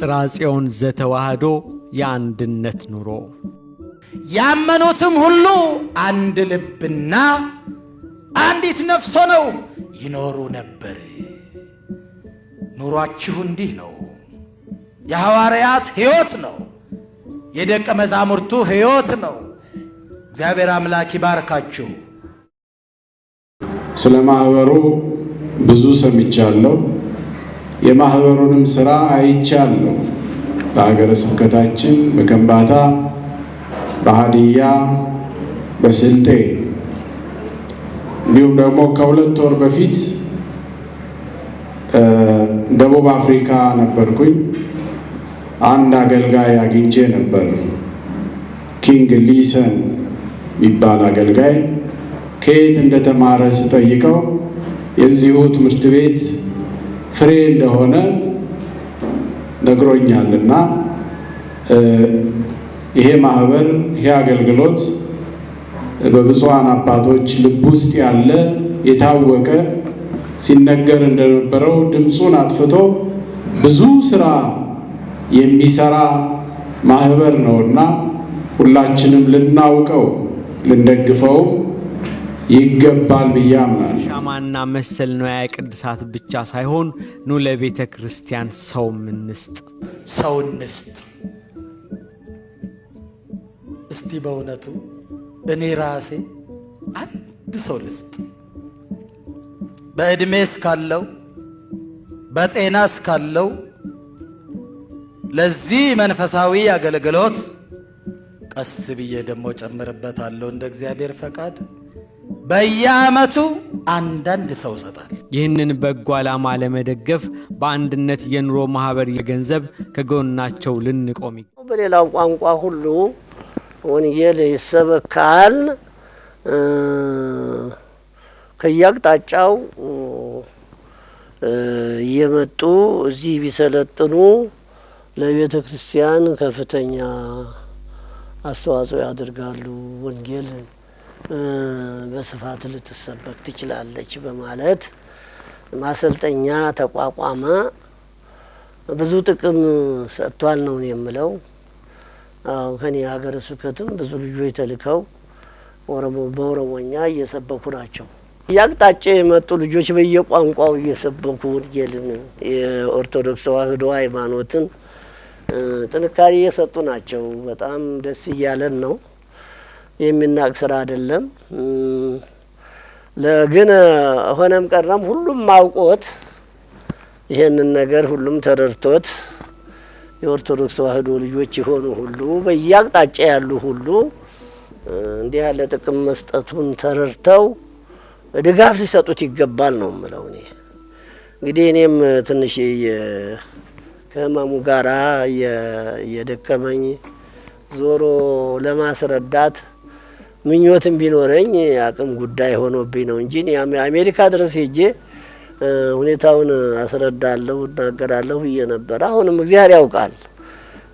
ጽራጽዮን ዘተዋህዶ የአንድነት ኑሮ ያመኑትም ሁሉ አንድ ልብና አንዲት ነፍስ ሆነው ይኖሩ ነበር። ኑሯችሁ እንዲህ ነው። የሐዋርያት ሕይወት ነው። የደቀ መዛሙርቱ ሕይወት ነው። እግዚአብሔር አምላክ ይባርካችሁ። ስለ ማኅበሩ ብዙ ሰምቻለሁ። የማህበሩንም ስራ አይቻለሁ። በሀገረ ስብከታችን በከንባታ፣ በሀዲያ፣ በስልጤ እንዲሁም ደግሞ ከሁለት ወር በፊት ደቡብ አፍሪካ ነበርኩኝ። አንድ አገልጋይ አግኝቼ ነበር። ኪንግ ሊሰን የሚባል አገልጋይ ከየት እንደተማረ ስጠይቀው የዚሁ ትምህርት ቤት ፍሬ እንደሆነ ነግሮኛል እና ይሄ ማህበር ይሄ አገልግሎት በብፁዓን አባቶች ልብ ውስጥ ያለ የታወቀ ሲነገር እንደነበረው ድምፁን አጥፍቶ ብዙ ስራ የሚሰራ ማህበር ነውና ሁላችንም ልናውቀው ልንደግፈው ይገባል ብዬ አምናለሁ። ሻማና መሰል ንዋየ ቅድሳት ብቻ ሳይሆን ኑ ለቤተ ክርስቲያን ሰው ምንስጥ ሰው እንስጥ። እስቲ በእውነቱ እኔ ራሴ አንድ ሰው ልስጥ። በዕድሜ እስካለው በጤና እስካለው ለዚህ መንፈሳዊ አገልግሎት ቀስ ብዬ ደግሞ ጨምርበታለሁ እንደ እግዚአብሔር ፈቃድ በየዓመቱ አንዳንድ ሰው ይሰጣል። ይህንን በጎ ዓላማ ለመደገፍ በአንድነት የኑሮ ማህበር የገንዘብ ከጎናቸው ልንቆም በሌላው ቋንቋ ሁሉ ወንጌል ይሰበካል። ከየአቅጣጫው እየመጡ እዚህ ቢሰለጥኑ ለቤተ ክርስቲያን ከፍተኛ አስተዋጽኦ ያደርጋሉ። ወንጌል በስፋት ልትሰበክ ትችላለች በማለት ማሰልጠኛ ተቋቋመ። ብዙ ጥቅም ሰጥቷል ነው የምለው። አዎ ከኔ ሀገረ ስብከትም ብዙ ልጆች ተልከው በኦሮሞኛ እየሰበኩ ናቸው። እያቅጣጫ የመጡ ልጆች በየቋንቋው እየሰበኩ ወንጌልን፣ የኦርቶዶክስ ተዋሕዶ ሃይማኖትን ጥንካሬ እየሰጡ ናቸው። በጣም ደስ እያለን ነው። የሚናቅ ስራ አይደለም። ለግን ሆነም ቀረም ሁሉም አውቆት ይሄንን ነገር ሁሉም ተረድቶት የኦርቶዶክስ ተዋሕዶ ልጆች የሆኑ ሁሉ በየአቅጣጫ ያሉ ሁሉ እንዲህ ያለ ጥቅም መስጠቱን ተረድተው ድጋፍ ሊሰጡት ይገባል ነው የምለው። እኔ እንግዲህ እኔም ትንሽ ከህመሙ ጋራ የደከመኝ ዞሮ ለማስረዳት ምኞትም ቢኖረኝ አቅም ጉዳይ ሆኖብኝ ነው እንጂ አሜሪካ ድረስ ሄጄ ሁኔታውን አስረዳለሁ እናገራለሁ ብዬ ነበር። አሁንም እግዚአብሔር ያውቃል፣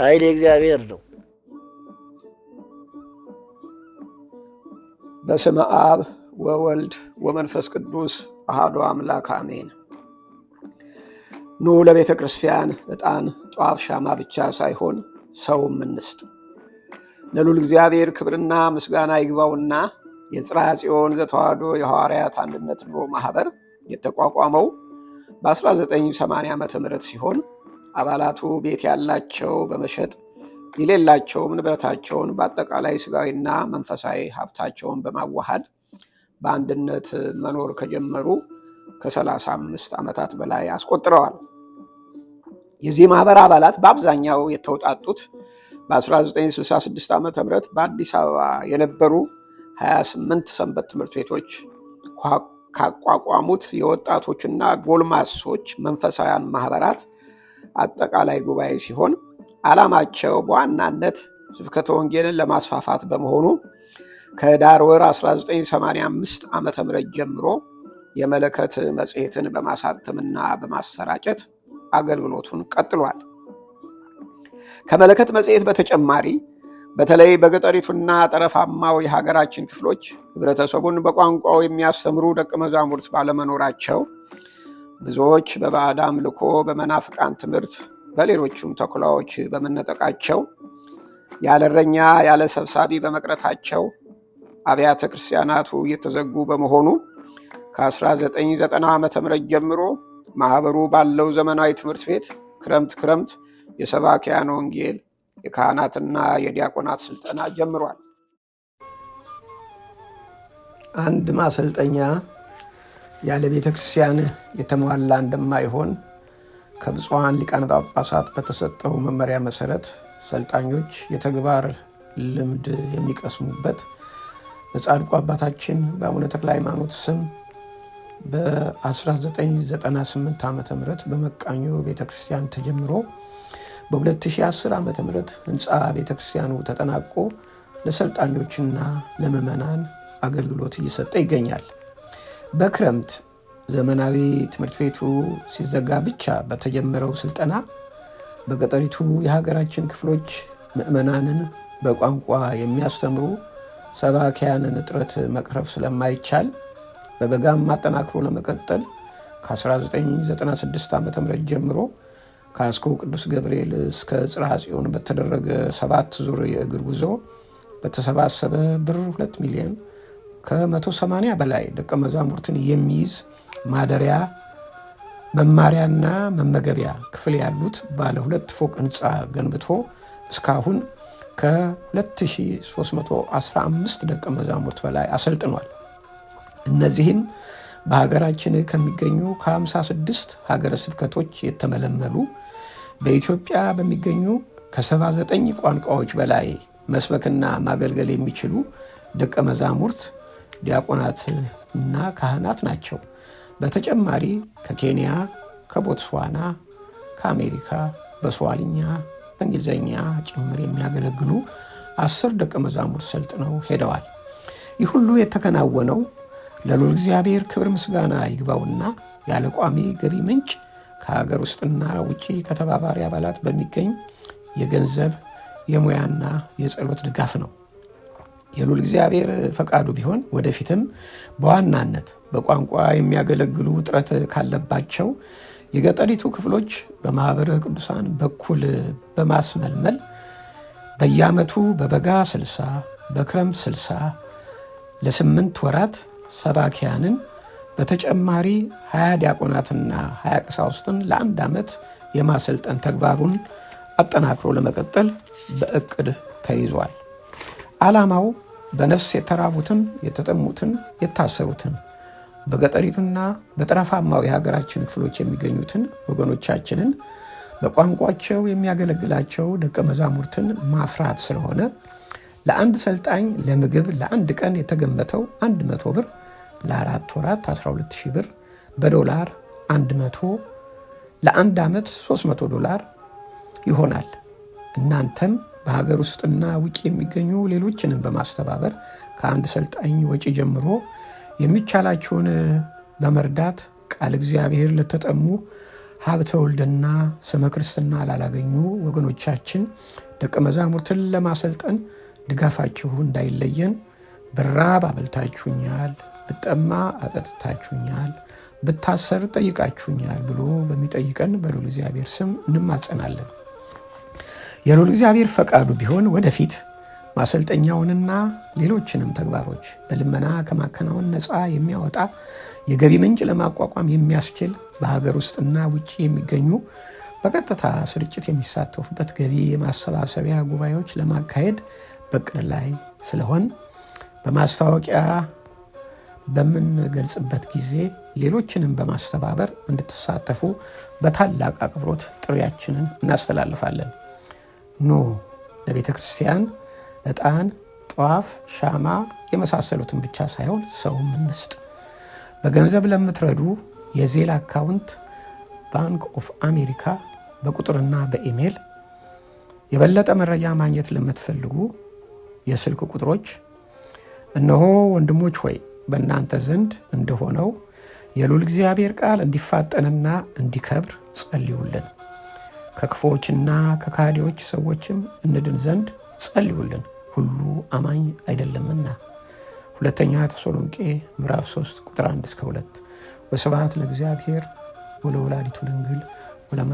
ኃይል እግዚአብሔር ነው። በስመ አብ ወወልድ ወመንፈስ ቅዱስ አሐዱ አምላክ አሜን። ኑ ለቤተ ክርስቲያን ዕጣን፣ ጧፍ፣ ሻማ ብቻ ሳይሆን ሰውም እንስጥ። ለሉል እግዚአብሔር ክብርና ምስጋና ይግባውና የጽርሐ ጽዮን ዘተዋህዶ የሐዋርያት አንድነት ኑሮ ማህበር የተቋቋመው በ1980 ዓ ም ሲሆን አባላቱ ቤት ያላቸው በመሸጥ የሌላቸውም ንብረታቸውን በአጠቃላይ ስጋዊና መንፈሳዊ ሀብታቸውን በማዋሃድ በአንድነት መኖር ከጀመሩ ከ35 ዓመታት በላይ አስቆጥረዋል። የዚህ ማህበር አባላት በአብዛኛው የተውጣጡት በ1966 ዓ ም በአዲስ አበባ የነበሩ 28 ሰንበት ትምህርት ቤቶች ካቋቋሙት የወጣቶችና ጎልማሶች መንፈሳውያን ማህበራት አጠቃላይ ጉባኤ ሲሆን ዓላማቸው በዋናነት ስብከተ ወንጌልን ለማስፋፋት በመሆኑ ከዳር ወር 1985 ዓ ም ጀምሮ የመለከት መጽሔትን በማሳተምና በማሰራጨት አገልግሎቱን ቀጥሏል። ከመለከት መጽሔት በተጨማሪ በተለይ በገጠሪቱና ጠረፋማው የሀገራችን ክፍሎች ህብረተሰቡን በቋንቋው የሚያስተምሩ ደቀ መዛሙርት ባለመኖራቸው ብዙዎች በባዕድ አምልኮ፣ በመናፍቃን ትምህርት፣ በሌሎቹም ተኩላዎች በመነጠቃቸው ያለረኛ ያለ ሰብሳቢ በመቅረታቸው አብያተ ክርስቲያናቱ እየተዘጉ በመሆኑ ከ1990 ዓ ም ጀምሮ ማህበሩ ባለው ዘመናዊ ትምህርት ቤት ክረምት ክረምት የሰባኪያን ወንጌል የካህናትና የዲያቆናት ስልጠና ጀምሯል። አንድ ማሰልጠኛ ያለ ቤተ ክርስቲያን የተሟላ እንደማይሆን ከብፁዓን ሊቃነ ጳጳሳት በተሰጠው መመሪያ መሰረት ሰልጣኞች የተግባር ልምድ የሚቀስሙበት በጻድቁ አባታችን በአቡነ ተክለ ሃይማኖት ስም በ1998 ዓ ም በመቃኞ ቤተ ክርስቲያን ተጀምሮ በ2010 ዓ ም ህንፃ ቤተክርስቲያኑ ተጠናቆ ለሰልጣኞችና ለምዕመናን አገልግሎት እየሰጠ ይገኛል። በክረምት ዘመናዊ ትምህርት ቤቱ ሲዘጋ ብቻ በተጀመረው ስልጠና በገጠሪቱ የሀገራችን ክፍሎች ምዕመናንን በቋንቋ የሚያስተምሩ ሰባኪያንን እጥረት መቅረፍ ስለማይቻል በበጋም አጠናክሮ ለመቀጠል ከ1996 ዓ ም ጀምሮ ከአስኮ ቅዱስ ገብርኤል እስከ ጽርሐ ጽዮን በተደረገ ሰባት ዙር የእግር ጉዞ በተሰባሰበ ብር ሁለት ሚሊዮን ከ180 በላይ ደቀ መዛሙርትን የሚይዝ ማደሪያ መማሪያና መመገቢያ ክፍል ያሉት ባለ ሁለት ፎቅ ህንፃ ገንብቶ እስካሁን ከ2315 ደቀ መዛሙርት በላይ አሰልጥኗል። እነዚህም በሀገራችን ከሚገኙ ከ56 ሀገረ ስብከቶች የተመለመሉ በኢትዮጵያ በሚገኙ ከ79 ቋንቋዎች በላይ መስበክና ማገልገል የሚችሉ ደቀ መዛሙርት ዲያቆናትና ካህናት ናቸው። በተጨማሪ ከኬንያ፣ ከቦትስዋና፣ ከአሜሪካ በሰዋልኛ በእንግሊዝኛ ጭምር የሚያገለግሉ አስር ደቀ መዛሙርት ሰልጥነው ሄደዋል። ይህ ሁሉ የተከናወነው ለሉል እግዚአብሔር ክብር ምስጋና ይግባውና ያለ ቋሚ ገቢ ምንጭ ከሀገር ውስጥና ውጪ ከተባባሪ አባላት በሚገኝ የገንዘብ የሙያና የጸሎት ድጋፍ ነው። የሉል እግዚአብሔር ፈቃዱ ቢሆን ወደፊትም በዋናነት በቋንቋ የሚያገለግሉ ውጥረት ካለባቸው የገጠሪቱ ክፍሎች በማኅበረ ቅዱሳን በኩል በማስመልመል በየአመቱ በበጋ 60 በክረምት 60 ለስምንት ወራት ሰባኪያንን በተጨማሪ ሀያ ዲያቆናትና ሀያ ቀሳውስትን ለአንድ ዓመት የማሰልጠን ተግባሩን አጠናክሮ ለመቀጠል በእቅድ ተይዟል። ዓላማው በነፍስ የተራቡትን፣ የተጠሙትን፣ የታሰሩትን በገጠሪቱና በጠረፋማው የሀገራችን ክፍሎች የሚገኙትን ወገኖቻችንን በቋንቋቸው የሚያገለግላቸው ደቀ መዛሙርትን ማፍራት ስለሆነ ለአንድ ሰልጣኝ ለምግብ ለአንድ ቀን የተገመተው አንድ መቶ ብር ለአራት ወራት 120 ብር በዶላር 100 ለአንድ ዓመት 300 ዶላር ይሆናል። እናንተም በሀገር ውስጥና ውጭ የሚገኙ ሌሎችንም በማስተባበር ከአንድ ሰልጣኝ ወጪ ጀምሮ የሚቻላችሁን በመርዳት ቃል እግዚአብሔር ለተጠሙ ሀብተ ወልድና ስመ ክርስትና ላላገኙ ወገኖቻችን ደቀ መዛሙርትን ለማሰልጠን ድጋፋችሁ እንዳይለየን። ብራብ አበልታችሁኛል። ብጠማ አጠጥታችሁኛል፣ ብታሰር ጠይቃችሁኛል ብሎ በሚጠይቀን በልዑል እግዚአብሔር ስም እንማጸናለን። የልዑል እግዚአብሔር ፈቃዱ ቢሆን ወደፊት ማሰልጠኛውንና ሌሎችንም ተግባሮች በልመና ከማከናወን ነፃ የሚያወጣ የገቢ ምንጭ ለማቋቋም የሚያስችል በሀገር ውስጥና ውጭ የሚገኙ በቀጥታ ስርጭት የሚሳተፉበት ገቢ የማሰባሰቢያ ጉባኤዎች ለማካሄድ በቅድ ላይ ስለሆን በማስታወቂያ በምንገልጽበት ጊዜ ሌሎችንም በማስተባበር እንድትሳተፉ በታላቅ አክብሮት ጥሪያችንን እናስተላልፋለን። ኑ ለቤተ ክርስቲያን ዕጣን፣ ጧፍ፣ ሻማ የመሳሰሉትን ብቻ ሳይሆን ሰውም እንስጥ። በገንዘብ ለምትረዱ የዜል አካውንት ባንክ ኦፍ አሜሪካ በቁጥርና በኢሜይል የበለጠ መረጃ ማግኘት ለምትፈልጉ የስልክ ቁጥሮች እነሆ። ወንድሞች ሆይ በእናንተ ዘንድ እንደሆነው የሉል እግዚአብሔር ቃል እንዲፋጠንና እንዲከብር ጸልዩልን። ከክፎችና ከካዲዎች ሰዎችም እንድን ዘንድ ጸልዩልን፣ ሁሉ አማኝ አይደለምና። ሁለተኛ ተሰሎንቄ ምዕራፍ 3 ቁጥር 1 እስከ 2። ወስብሐት ለእግዚአብሔር ወለወላዲቱ ድንግል ወለመ